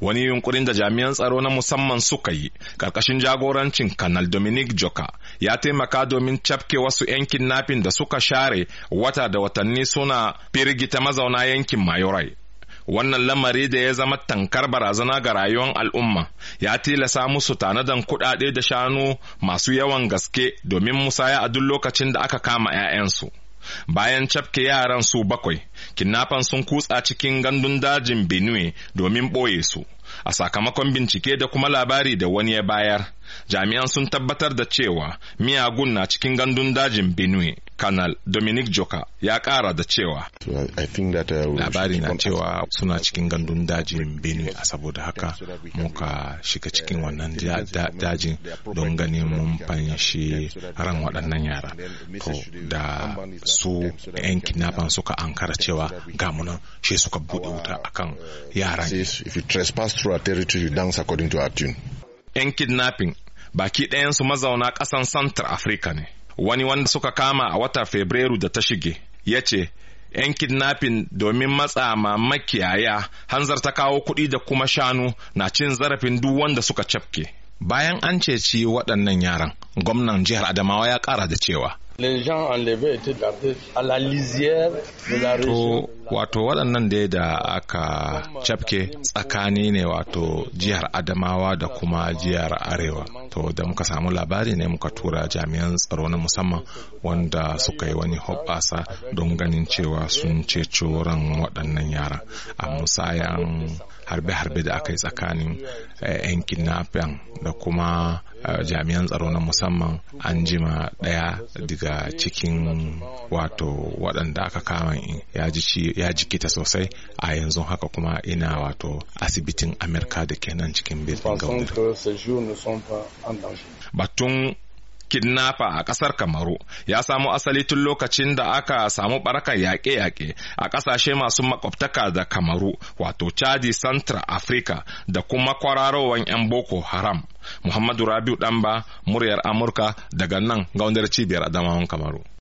wani yunkurin da jami'an tsaro na musamman suka yi karkashin jagorancin kanal dominic joka ya taimaka domin cafke wasu yankin nafin da suka share wata da watanni suna firgita mazauna yankin mayorai wannan lamari da ya zama tankar barazana ga rayuwar al'umma ya tilasa musu tanadan kudade da shanu masu yawan gaske domin musaya a duk lokacin da aka kama 'ya'yansu. bayan cafke yaran su bakwai kinnafan sun kutsa cikin gandun dajin benue domin ɓoye su a sakamakon bincike da kuma labari da wani ya bayar jami'an sun tabbatar da cewa miyagun na cikin gandun dajin benue kanal dominic joka ya kara da cewa uh, labari na cewa suna cikin gandun dajin benue a saboda haka muka shiga cikin uh, wannan dajin don ganin mun fanshi ran waɗannan yara to da su 'yan kidnappers suka ankara cewa gamunan shi suka buɗe wuta akan uh, yaran through our territory dance according to our tune. 'Yan kidnapping baki ɗayansu mazauna ƙasan Central Africa ne. Wani wanda suka kama a wata Fabrairu da ta shige ya ce, 'yan kidnafin domin matsa ma makiyaya hanzar ta kawo kuɗi da kuma shanu na cin zarafin duk wanda suka cafke. Bayan an ceci waɗannan yaran, gwamnan jihar Adamawa ya ƙara da cewa, Les gens la la de région. wato waɗannan da da aka cafke tsakani ne wato jihar Adamawa da kuma jihar Arewa. To, da muka samu labari ne muka tura jami'an tsaro na musamman wanda suka yi wani hobasa don ganin cewa sun ce ran waɗannan yara. A musayan harbe-harbe da aka yi tsakanin eh, 'yan kidnapping da kuma jami'an tsaro na musamman an jima ɗaya daga cikin wato waɗanda aka kama ya jikita sosai a yanzu haka kuma ina wato asibitin amurka da ke nan cikin birnin gaudar batun kidnapper a ƙasar kamaru ya samo asali tun lokacin da aka samu baraka yaƙe-yaƙe a ƙasashe masu makwabtaka da kamaru wato chadi central africa da kuma kwararowar 'yan boko haram muhammadu rabiu ɗanba muryar amurka daga nan gaundar cibiyar adamawan kamaru